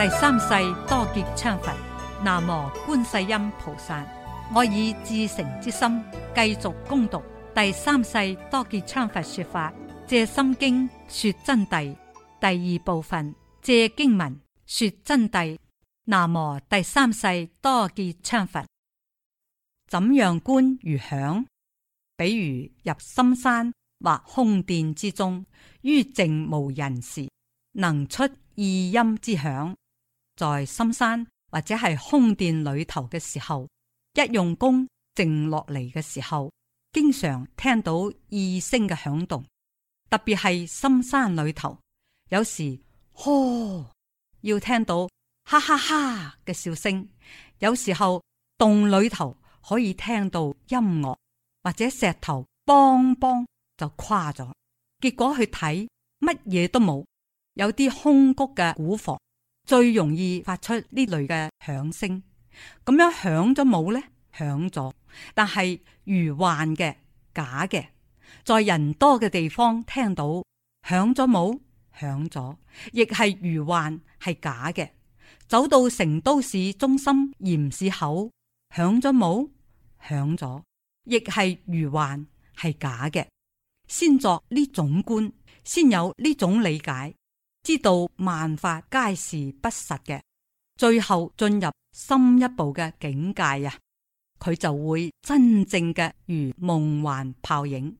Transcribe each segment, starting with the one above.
第三世多杰羌佛，南無觀世音菩薩。我以至誠之心繼續恭讀第三世多杰羌佛說法，借心經說真諦第二部分，借經文說真諦。南無第三世多杰羌佛，怎樣觀如響？比如入深山或空殿之中，於靜無人時，能出異音之響。在深山或者係空殿裏頭嘅時候，一用功靜落嚟嘅時候，經常聽到異聲嘅響動，特別係深山裏頭，有時呵要聽到哈哈哈嘅笑聲，有時候洞裏頭可以聽到音樂，或者石頭邦邦就垮咗，結果去睇乜嘢都冇，有啲空谷嘅古房。最容易發出呢類嘅響聲，咁樣響咗冇呢？響咗，但係如幻嘅假嘅，在人多嘅地方聽到響咗冇響咗，亦係如幻係假嘅。走到成都市中心鹽市口，響咗冇響咗，亦係如幻係假嘅。先作呢種觀，先有呢種理解。知道萬法皆是不實嘅，最後進入深一步嘅境界啊！佢就會真正嘅如夢幻泡影。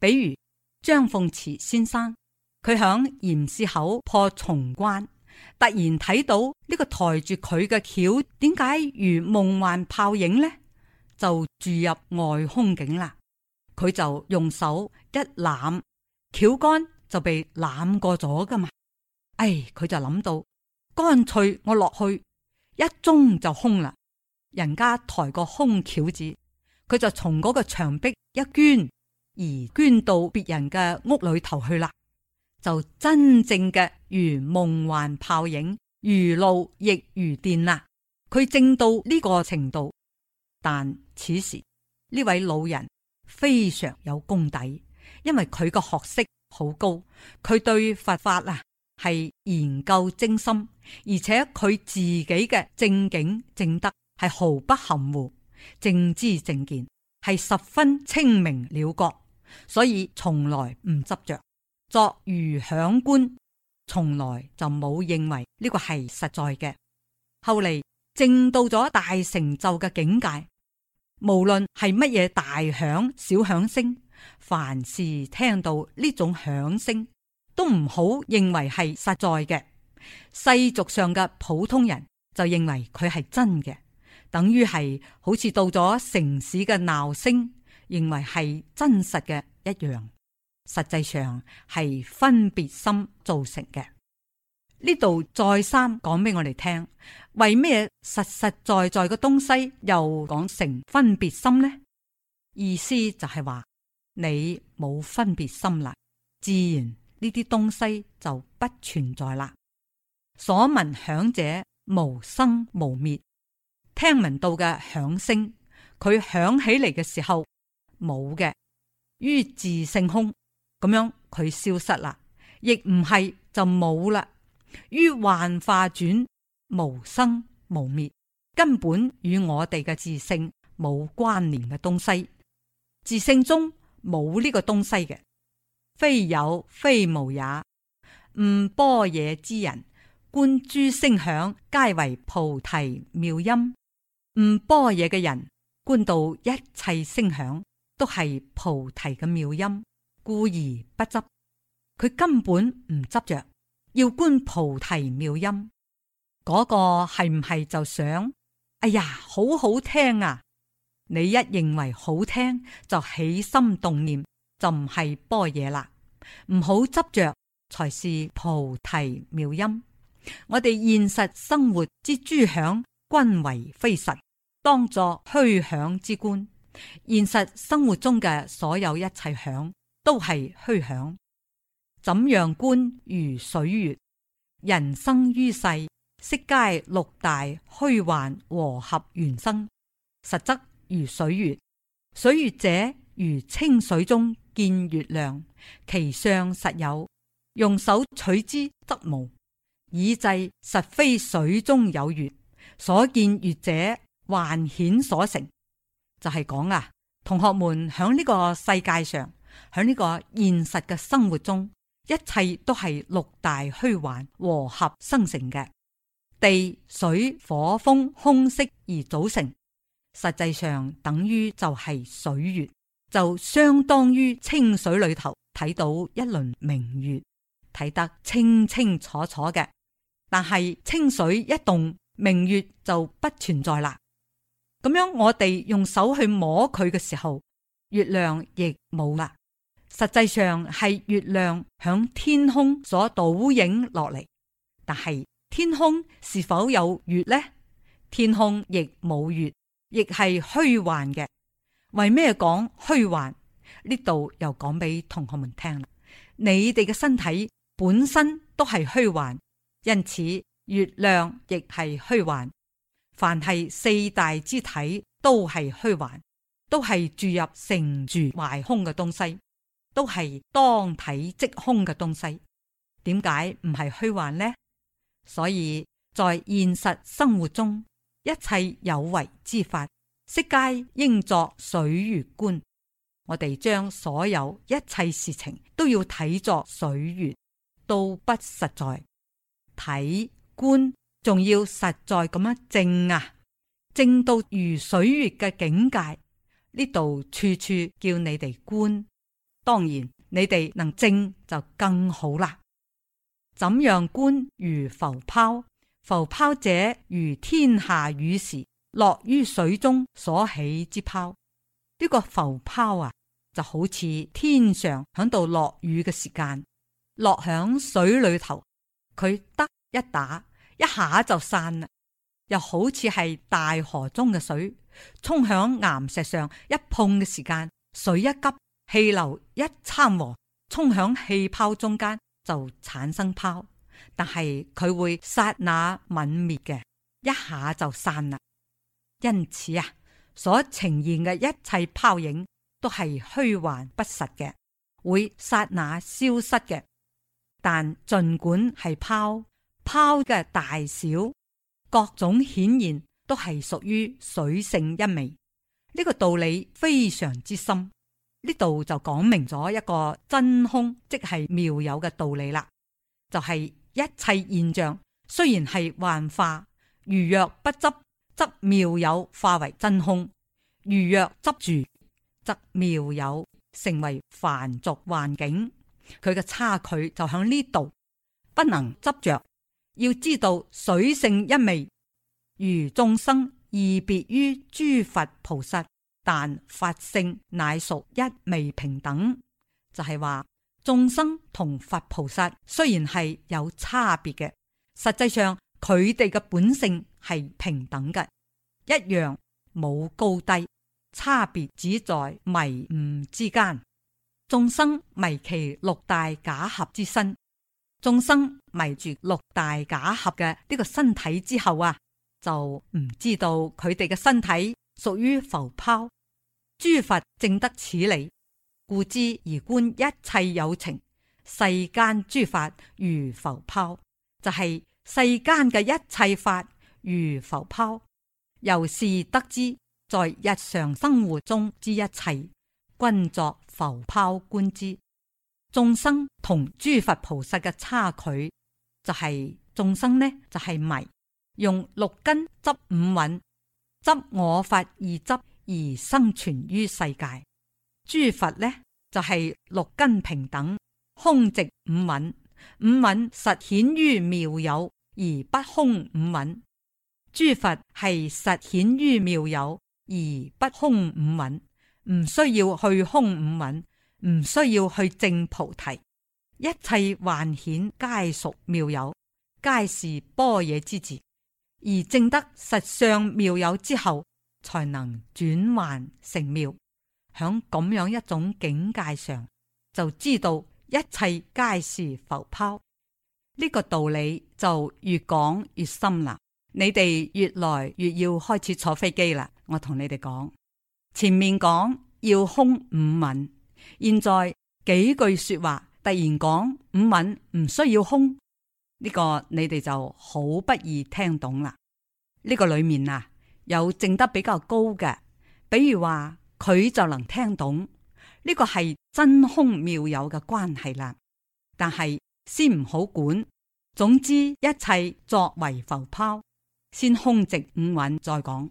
比如張鳳池先生，佢響鹽市口破重關，突然睇到呢個抬住佢嘅橋，點解如夢幻泡影呢？就住入外空境啦！佢就用手一攬橋杆。就被攬過咗噶嘛？唉、哎，佢就諗到，乾脆我落去一中就空啦。人家抬個空轎子，佢就從嗰個牆壁一捐而捐到別人嘅屋裏頭去啦。就真正嘅如夢幻泡影，如露亦如電啦。佢正到呢個程度，但此時呢位老人非常有功底，因為佢個學識。好高，佢對佛法啊係研究精深，而且佢自己嘅正經正德係毫不含糊，正知正見係十分清明了覺，所以從來唔執着作如響觀，從來就冇認為呢個係實在嘅。後嚟正到咗大成就嘅境界，無論係乜嘢大響小響聲。凡是聽到呢種響聲，都唔好認為係實在嘅。世俗上嘅普通人就認為佢係真嘅，等於係好似到咗城市嘅鬧聲，認為係真實嘅一樣。實際上係分別心造成嘅。呢度再三講俾我哋聽，為咩實實在在嘅東西又講成分別心呢？意思就係話。你冇分別心啦，自然呢啲東西就不存在啦。所聞響者無生無滅，聽聞到嘅響聲，佢響起嚟嘅時候冇嘅。於自性空，咁樣佢消失啦，亦唔係就冇啦，於幻化轉，無生無滅，根本與我哋嘅自性冇關聯嘅東西，自性中。冇呢個東西嘅，非有非無也。唔波嘢之人觀諸聲響，皆為菩提妙音。唔波嘢嘅人觀到一切聲響，都係菩提嘅妙音，故而不執。佢根本唔執着，要觀菩提妙音嗰個係唔係就想？哎呀，好好聽啊！你一認為好聽就起心動念，就唔係般若啦。唔好執着，才是菩提妙音。我哋現實生活之諸響，均為非實，當作虛響之觀。現實生活中嘅所有一切響，都係虛響。怎樣觀如水月？人生於世，悉皆六大虛幻和合原生，實則。如水月，水月者如清水中見月亮，其上實有，用手取之則無，以制實非水中有月，所見月者幻顯所成。就係講啊，同學們響呢個世界上，響呢個現實嘅生活中，一切都係六大虛幻和合生成嘅，地水火風空識而組成。實際上等於就係水月，就相當於清水裏頭睇到一輪明月，睇得清清楚楚嘅。但係清水一動，明月就不存在啦。咁樣我哋用手去摸佢嘅時候，月亮亦冇啦。實際上係月亮響天空所倒影落嚟，但係天空是否有月呢？天空亦冇月。亦係虛幻嘅，為咩講虛幻？呢度又講俾同學們聽啦。你哋嘅身體本身都係虛幻，因此月亮亦係虛幻，凡係四大之體都係虛幻，都係注入成住壞空嘅東西，都係當體即空嘅東西。點解唔係虛幻呢？所以在現實生活中。一切有為之法，悉皆應作水月觀。我哋將所有一切事情都要睇作水月，都不實在。睇觀仲要實在咁樣正啊，正到如水月嘅境界。呢度處處叫你哋觀，當然你哋能正就更好啦。怎樣觀如浮泡？浮泡者如天下雨時落於水中所起之泡，呢個浮泡啊就好似天上響度落雨嘅時間，落響水裏頭，佢得一打一下就散啦，又好似係大河中嘅水沖響巖石上一碰嘅時間，水一急氣流一摻和，沖響氣泡中間就產生泡。但係佢會剎那泯滅嘅，一下就散啦。因此啊，所呈現嘅一切泡影都係虛幻不實嘅，會剎那消失嘅。但盡管係泡泡嘅大小各種顯現，都係屬於水性一味。呢、這個道理非常之深，呢度就講明咗一個真空，即係妙有嘅道理啦，就係、是。一切現象雖然係幻化，如若不執，則妙有化為真空；如若執住，則妙有成為凡俗環境。佢嘅差距就喺呢度，不能執着。要知道水性一味，如眾生異別於諸佛菩薩，但法性乃屬一味平等，就係話。眾生同佛菩薩雖然係有差別嘅，實際上佢哋嘅本性係平等嘅，一樣冇高低，差別只在迷悟之間。眾生迷其六大假合之身，眾生迷住六大假合嘅呢個身體之後啊，就唔知道佢哋嘅身體屬於浮泡。諸佛正得此理。故知而觀一切有情，世間諸法如浮泡，就係、是、世間嘅一切法如浮泡。由是得知，在日常生活中之一切，均作浮泡觀之。眾生同諸佛菩薩嘅差距，就係、是、眾生呢就係、是、迷，用六根執五蘊，執我法而執而生存於世界。諸佛呢就係、是、六根平等，空寂五蘊，五蘊實顯於妙有而不空五蘊。諸佛係實顯於妙有而不空五蘊，唔需要去空五蘊，唔需要去證菩提，一切幻顯皆屬妙有，皆是般若之智，而正得實相妙有之後，才能轉幻成妙。響咁樣一種境界上，就知道一切皆是浮泡，呢個道理就越講越深啦。你哋越來越要開始坐飛機啦。我同你哋講，前面講要空五蘊，現在幾句說話突然講五蘊唔需要空，呢個你哋就好不易聽懂啦。呢個裏面啊，有證得比較高嘅，比如話。佢就能聽懂呢個係真空妙有嘅關係啦，但係先唔好管，總之一切作為浮拋，先空寂五蘊再講。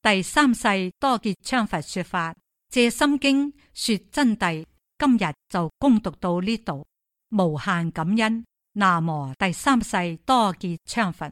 第三世多杰羌佛說法，借心經說真諦，今日就攻讀到呢度，無限感恩。那麼第三世多杰羌佛。